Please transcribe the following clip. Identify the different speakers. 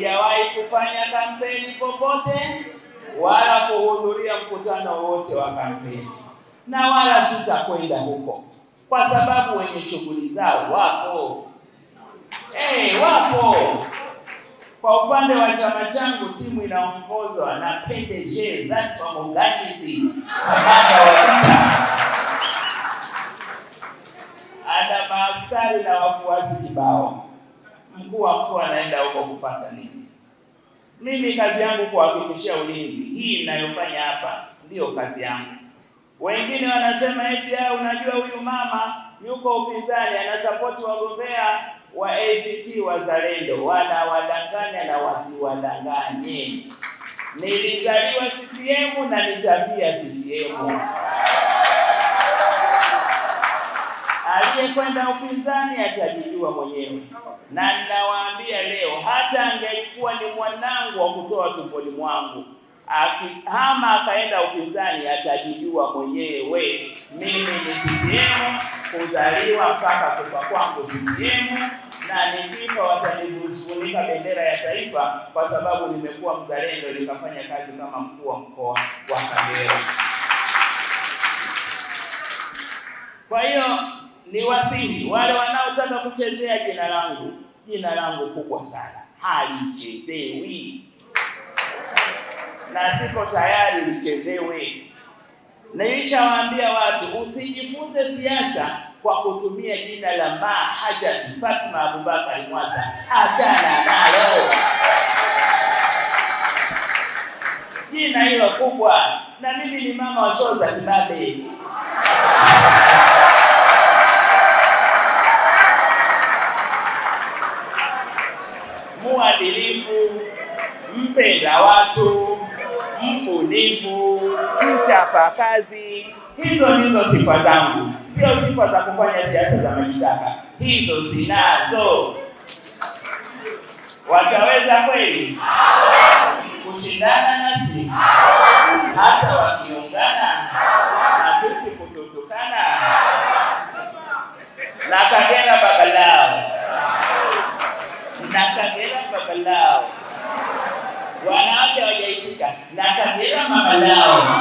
Speaker 1: sijawahi kufanya kampeni popote wala kuhudhuria mkutano wote wa kampeni, na wala sitakwenda huko kwa sababu wenye shughuli zao wapo. Hey, eh, wapo. Kwa upande wa chama changu, timu inaongozwa na PDG Zachwa Munganizi kamanda wa vita, ana maaskari na wafuasi kibao mkuu wa mkoa anaenda huko kupata nini? Mimi kazi yangu kuhakikishia ulinzi, hii ninayofanya hapa ndiyo kazi yangu. Wengine wanasema eti ah, unajua, huyu mama yuko upinzani, anasapoti wagombea wa ACT Wazalendo. Wanawadanganya na wasiwadanganye. Nilizaliwa CCM na nitafia CCM. angekwenda upinzani atajijua mwenyewe, na ninawaambia leo, hata angelikuwa ni mwanangu wa kutoa tumboni mwangu akihama akaenda upinzani atajijua mwenyewe. Mimi ni CCM, kuzaliwa mpaka kufa kwangu CCM, na nikifa watanifunika bendera ya taifa, kwa sababu nimekuwa mzalendo, nikafanya kazi kama mkuu wa mkoa wa Kagera. ni wasihi wale wanaotaka kuchezea jina langu. Jina langu kubwa sana, halichezewi na siko tayari lichezewe. Nilishawaambia watu usijifunze siasa kwa kutumia jina la Ma Hajat Fatma Abubakar Mwasa, achana nalo jina hilo kubwa. Na mimi ni mama wa choo za kibabe mpenda watu, mbunifu, mchapa kazi. Hizo ndizo sifa zangu, sio sifa za kufanya siasa za majitaka. Hizo zinazo wataweza kweli kushindana nasi hata wakiungana na tusi kututukana na Kagera babalao na Kagera babalao wanawake wajaitika na kasema mama lao